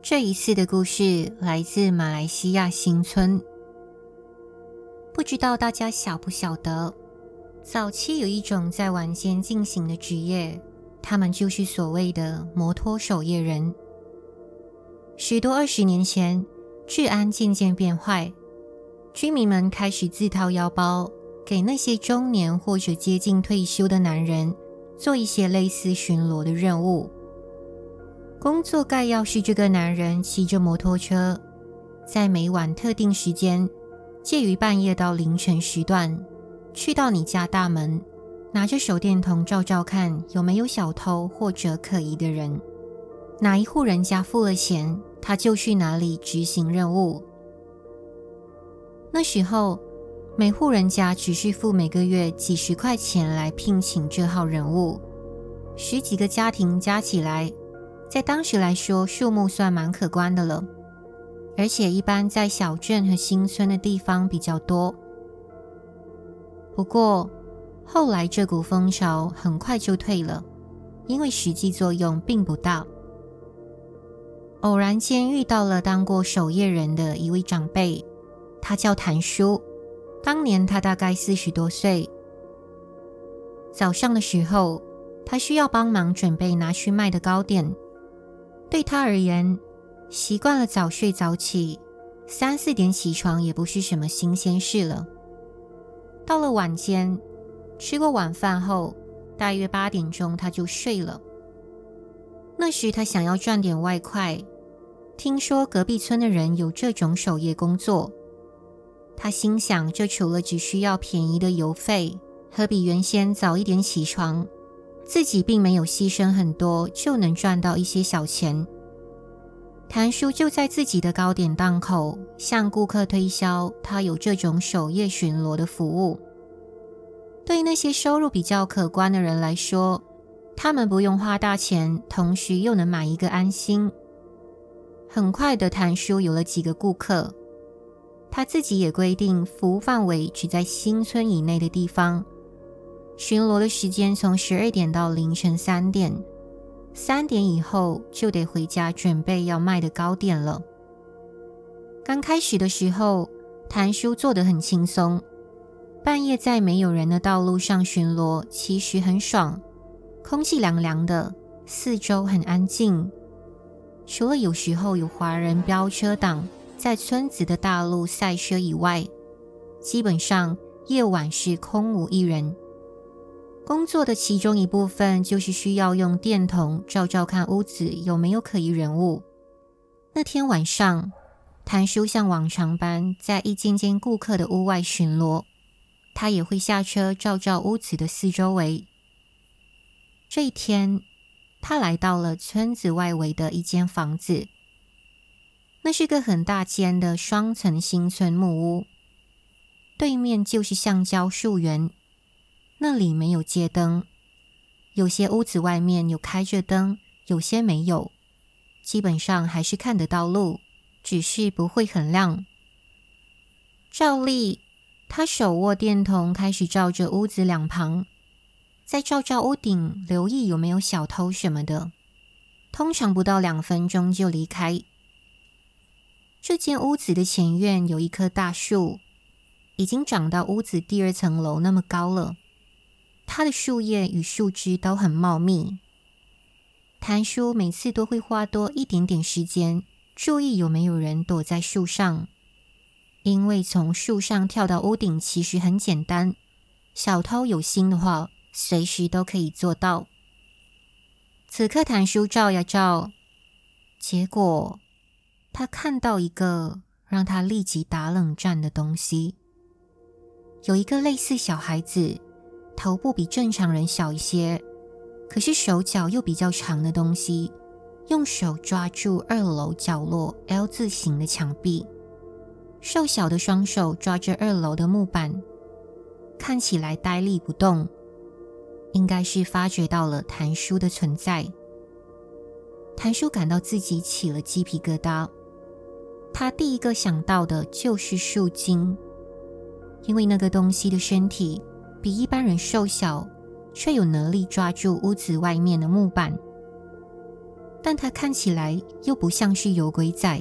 這一次的故事來自馬來西亞新村。不知道大家曉不曉得，早期有一種在晚間進行的職業，他們就是所謂的摩托守夜人。十多二十年前，治安漸漸變壞，居民們開始自掏腰包給那些中年或者接近退休的男人。做一些類似巡邏的任務。工作概要是：這個男人騎着摩托車，在每晚特定時間，介於半夜到凌晨時段，去到你家大門，拿着手電筒照照看有沒有小偷或者可疑的人。哪一戶人家付了錢，他就去哪裡執行任務。那時候。每戶人家只需付每個月幾十塊錢來聘請這號人物，十幾個家庭加起來，在當時來說數目算蠻可觀的了。而且一般在小鎮和新村的地方比較多。不過後來這股風潮很快就退了，因為實際作用並不大。偶然間遇到了當過守夜人的一位長輩，他叫譚叔。當年他大概四十多歲，早上的時候，他需要幫忙準備拿去賣的糕點。對他而言，習慣了早睡早起，三四點起床也不是什麼新鮮事了。到了晚間，吃過晚飯後，大約八點鐘他就睡了。那時他想要賺點外快，聽說隔壁村的人有這種守夜工作。他心想，這除了只需要便宜的油費和比原先早一點起床，自己並沒有犧牲很多，就能賺到一些小錢。譚叔就在自己的糕點檔口向顧客推銷他有這種守夜巡邏的服務。對於那些收入比較可觀的人來說，他們不用花大錢，同時又能買一個安心。很快的，譚叔有了幾個顧客。他自己也規定服務範圍只在新村以內的地方，巡邏的時間從十二點到凌晨三點，三點以後就得回家準備要賣的糕點了。剛開始的時候，譚叔做得很輕鬆，半夜在沒有人的道路上巡邏，其實很爽，空氣涼涼的，四周很安靜，除了有時候有華人飆車黨，在村子的大路賽車以外，基本上夜晚是空無一人。工作的其中一部分就是需要用電筒照照看屋子有沒有可疑人物。那天晚上，譚叔像往常般在一間間顧客的屋外巡邏，他也會下車照照屋子的四周圍。這一天，他來到了村子外圍的一間房子。那是個很大間的雙層新村木屋，對面就是橡膠樹園。那裡沒有街燈，有些屋子外面有開着燈，有些沒有。基本上還是看得到路，只是不會很亮。照例，他手握電筒開始照着屋子兩旁，再照照屋頂，留意有沒有小偷什麼的。通常不到兩分鐘就離開。這間屋子的前院有一棵大樹，已經長到屋子第二層樓那麼高了。它的樹葉與樹枝都很茂密。譚叔每次都會花多一點點時間，注意有沒有人躲在樹上，因為從樹上跳到屋頂其實很簡單。小偷有心的話，隨時都可以做到。此刻譚叔照呀照，結果。他看到一個讓他立即打冷戰的東西，有一個類似小孩子，頭部比正常人小一些，可是手腳又比較長的東西，用手抓住二樓角落 L 字形的牆壁，瘦小的雙手抓着二樓的木板，看起來呆立不動，應該是發覺到了譚叔的存在。譚叔感到自己起了雞皮疙瘩。他第一個想到的就是樹精，因為那個東西的身體比一般人瘦小，卻有能力抓住屋子外面的木板。但它看起來又不像是油鬼仔，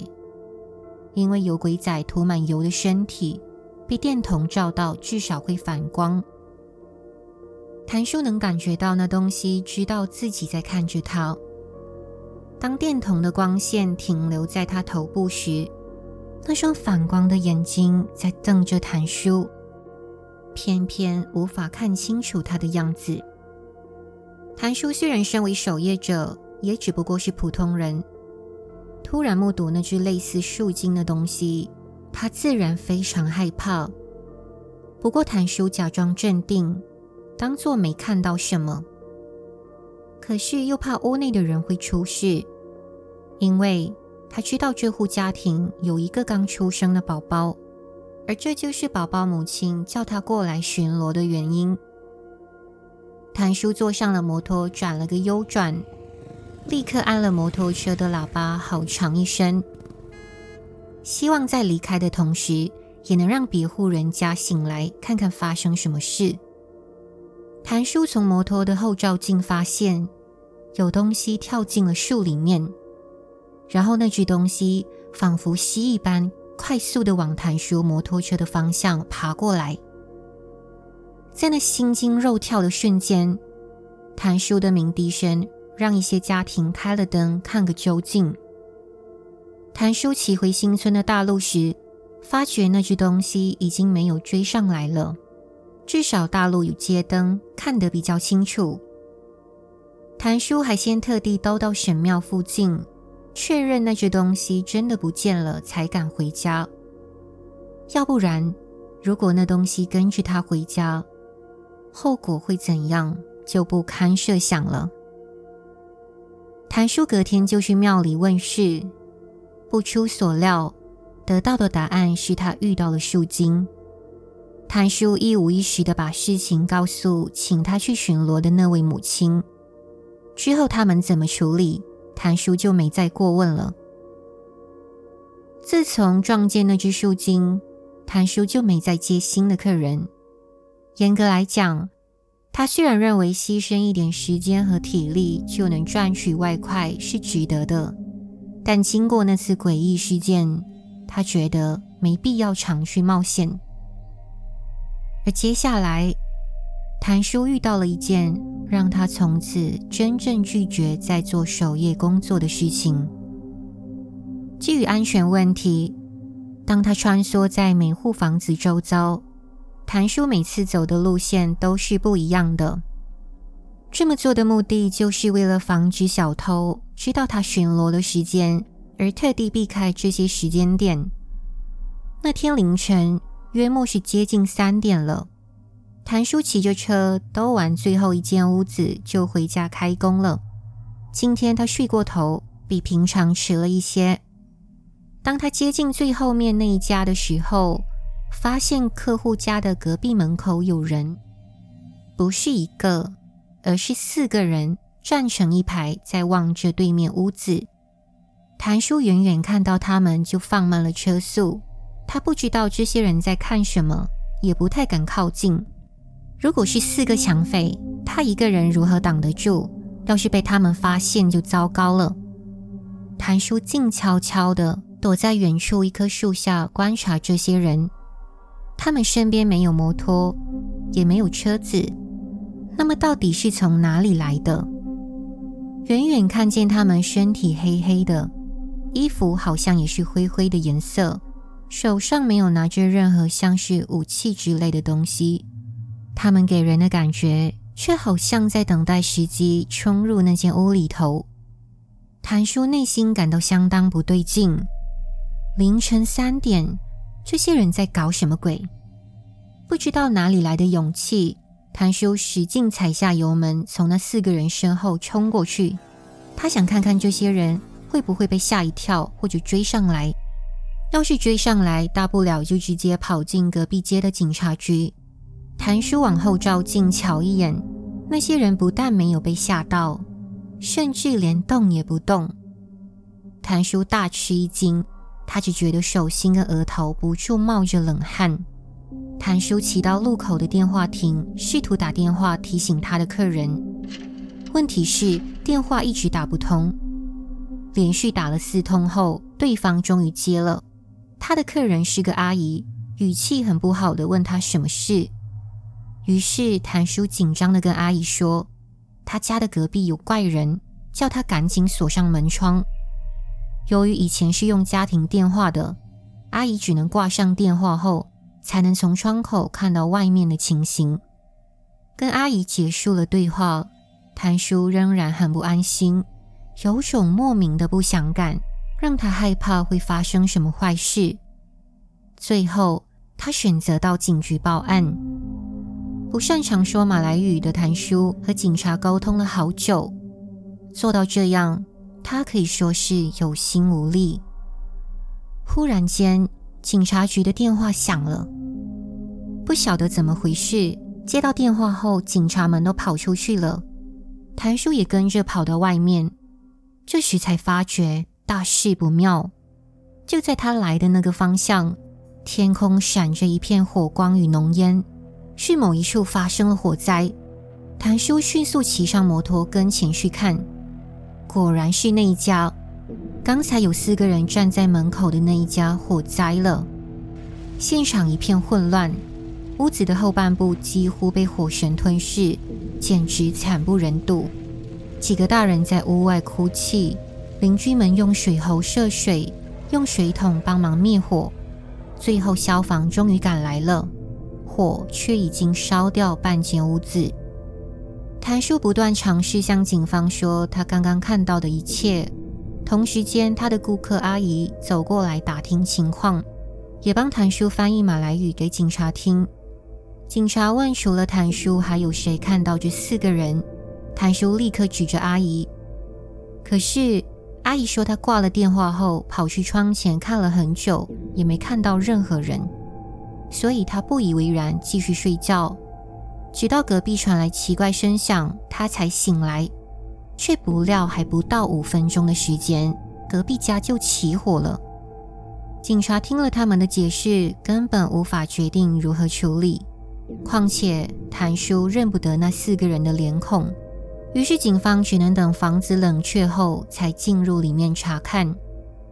因為油鬼仔塗滿油的身體被電筒照到，至少會反光。譚叔能感覺到那東西知道自己在看着他，當電筒的光線停留在他頭部時。那雙反光的眼睛在瞪着譚叔，偏偏無法看清楚他的樣子。譚叔雖然身為守夜者，也只不過是普通人。突然目睹那只類似樹精的東西，他自然非常害怕。不過譚叔假裝鎮定，當作沒看到什麼。可是又怕屋內的人會出事，因為，他知道這戶家庭有一個剛出生的寶寶，而這就是寶寶母親叫他過來巡邏的原因。譚叔坐上了摩托，轉了個 U 轉，立刻按了摩托車的喇叭，好長一聲，希望在離開的同時，也能讓別戶人家醒來看看發生什麼事。譚叔從摩托的後照鏡發現，有東西跳進了樹裡面。然後，那具東西仿佛蜥蜴般快速地往譚叔摩托車的方向爬過來。在那心驚肉跳的瞬間，譚叔的鳴笛聲讓一些家庭開了燈看個究竟。譚叔騎回新村的大路時，發覺那具東西已經沒有追上來了。至少大路有街燈，看得比較清楚。譚叔還先特地兜到神廟附近。確認那隻東西真的不見了，才敢回家。要不然，如果那東西跟着他回家，後果會怎樣，就不堪設想了。譚叔隔天就去廟裡問事，不出所料，得到的答案是他遇到了樹精。譚叔一五一十地把事情告訴請他去巡邏的那位母親，之後他們怎麼處理？譚叔就沒再過問了。自從撞見那只樹精，譚叔就沒再接新的客人。嚴格來講，他雖然認為犧牲一點時間和體力就能賺取外快是值得的，但經過那次詭異事件，他覺得沒必要常去冒險。而接下來，譚叔遇到了一件讓他從此真正拒絕再做守夜工作的事情。基於安全問題，當他穿梭在每戶房子周遭，譚叔每次走的路線都是不一樣的。這麼做的目的就是為了防止小偷知道他巡邏的時間，而特地避開這些時間點。那天凌晨，約莫是接近三點了。譚叔騎着車兜完最後一間屋子，就回家開工了。今天他睡過頭，比平常遲了一些。當他接近最後面那一家的時候，發現客戶家的隔壁門口有人，不是一個，而是四個人站成一排在望着對面屋子。譚叔遠遠看到他們，就放慢了車速。他不知道這些人在看什麼，也不太敢靠近。如果是四個搶匪，他一個人如何擋得住？要是被他們發現，就糟糕了。譚叔靜悄悄地躲在遠處一棵樹下觀察這些人。他們身邊沒有摩托，也沒有車子，那麼到底是從哪裡來的？遠遠看見他們身體黑黑的，衣服好像也是灰灰的顏色，手上沒有拿着任何像是武器之類的東西。他們給人的感覺卻好像在等待時機衝入那間屋裡頭。譚叔內心感到相當不對勁。凌晨三點，這些人在搞什麼鬼？不知道哪裡來的勇氣，譚叔使勁踩下油門，從那四個人身後衝過去。他想看看這些人會不會被嚇一跳，或者追上來。要是追上來，大不了就直接跑進隔壁街的警察局。譚叔往後照鏡瞧一眼，那些人不但沒有被嚇到，甚至連動也不動。譚叔大吃一驚，他只覺得手心跟額頭不住冒着冷汗。譚叔騎到路口的電話亭，試圖打電話提醒他的客人。問題是，電話一直打不通。連續打了四通後，對方終於接了。他的客人是個阿姨，語氣很不好地問他什麼事。於是譚叔緊張地跟阿姨說：“他家的隔壁有怪人，叫他趕緊鎖上門窗。”由於以前是用家庭電話的，阿姨只能掛上電話後才能從窗口看到外面的情形。跟阿姨結束了對話，譚叔仍然很不安心，有種莫名的不祥感，讓他害怕會發生什麼壞事。最後，他選擇到警局報案。不擅長說馬來語的譚叔和警察溝通了好久，做到這樣，他可以說是有心無力。忽然間，警察局的電話響了，不曉得怎麼回事。接到電話後，警察們都跑出去了，譚叔也跟着跑到外面。這時才發覺大事不妙，就在他來的那個方向，天空閃着一片火光與濃煙。是某一處發生了火災，譚叔迅速騎上摩托跟前去看，果然是那一家。剛才有四個人站在門口的那一家火災了，現場一片混亂，屋子的後半部幾乎被火神吞噬，簡直慘不忍睹。幾個大人在屋外哭泣，鄰居們用水喉射水，用水桶幫忙滅火，最後消防終於趕來了。火卻已經燒掉半間屋子。譚叔不斷嘗試向警方說他剛剛看到的一切。同時間，他的顧客阿姨走過來打聽情況，也幫譚叔翻譯馬來語給警察聽。警察問除了譚叔，還有誰看到這四個人？譚叔立刻指着阿姨。可是阿姨說，她掛了電話後跑去窗前看了很久，也沒看到任何人。所以他不以為然，繼續睡覺，直到隔壁傳來奇怪聲響，他才醒來，卻不料還不到五分鐘的時間，隔壁家就起火了。警察聽了他們的解釋，根本無法決定如何處理，況且譚叔認不得那四個人的臉孔，於是警方只能等房子冷卻後，才進入裡面查看。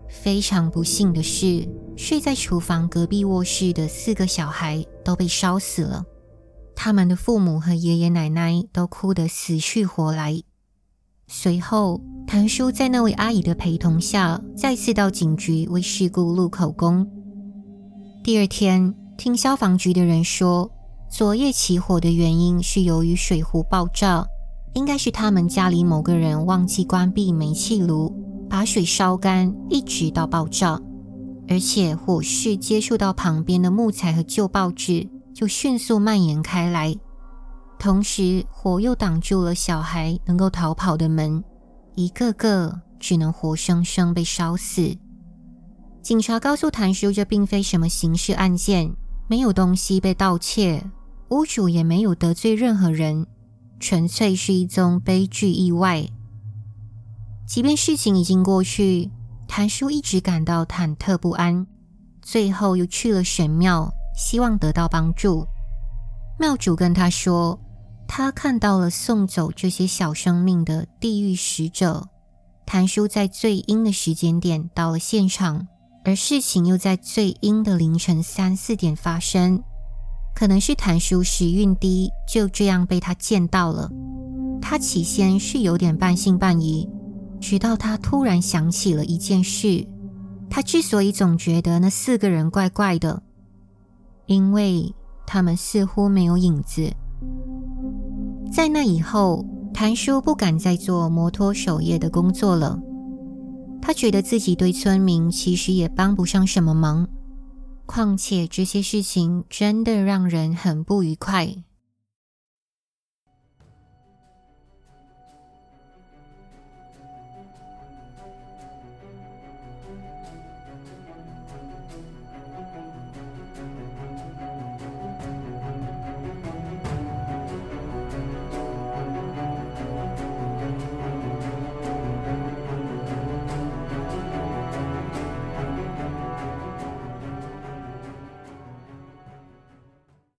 非常不幸的是，睡在廚房隔壁臥室的四個小孩都被燒死了。他們的父母和爺爺奶奶都哭得死去活來。隨後，譚叔在那位阿姨的陪同下，再次到警局為事故錄口供。第二天，聽消防局的人說，昨夜起火的原因是由於水壺爆炸，應該是他們家裡某個人忘記關閉煤氣爐。把水燒乾，一直到爆炸，而且火勢接觸到旁邊的木材和舊報紙，就迅速蔓延開來。同時，火又擋住了小孩能夠逃跑的門，一個個只能活生生被燒死。警察告訴譚叔，這並非什麼刑事案件，沒有東西被盜竊，屋主也沒有得罪任何人，純粹是一宗悲劇意外。即便事情已經過去，譚叔一直感到忐忑不安。最後又去了神廟，希望得到幫助。廟主跟他說：“他看到了送走這些小生命的地獄使者。”譚叔在最陰的時間點到了現場，而事情又在最陰的凌晨三四點發生，可能是譚叔時運低，就這樣被他見到了。他起先是有點半信半疑。直到他突然想起了一件事，他之所以總覺得那四個人怪怪的，因為他們似乎沒有影子。在那以後，譚叔不敢再做摩托守夜的工作了。他覺得自己對村民其實也幫不上什麼忙，況且這些事情真的讓人很不愉快。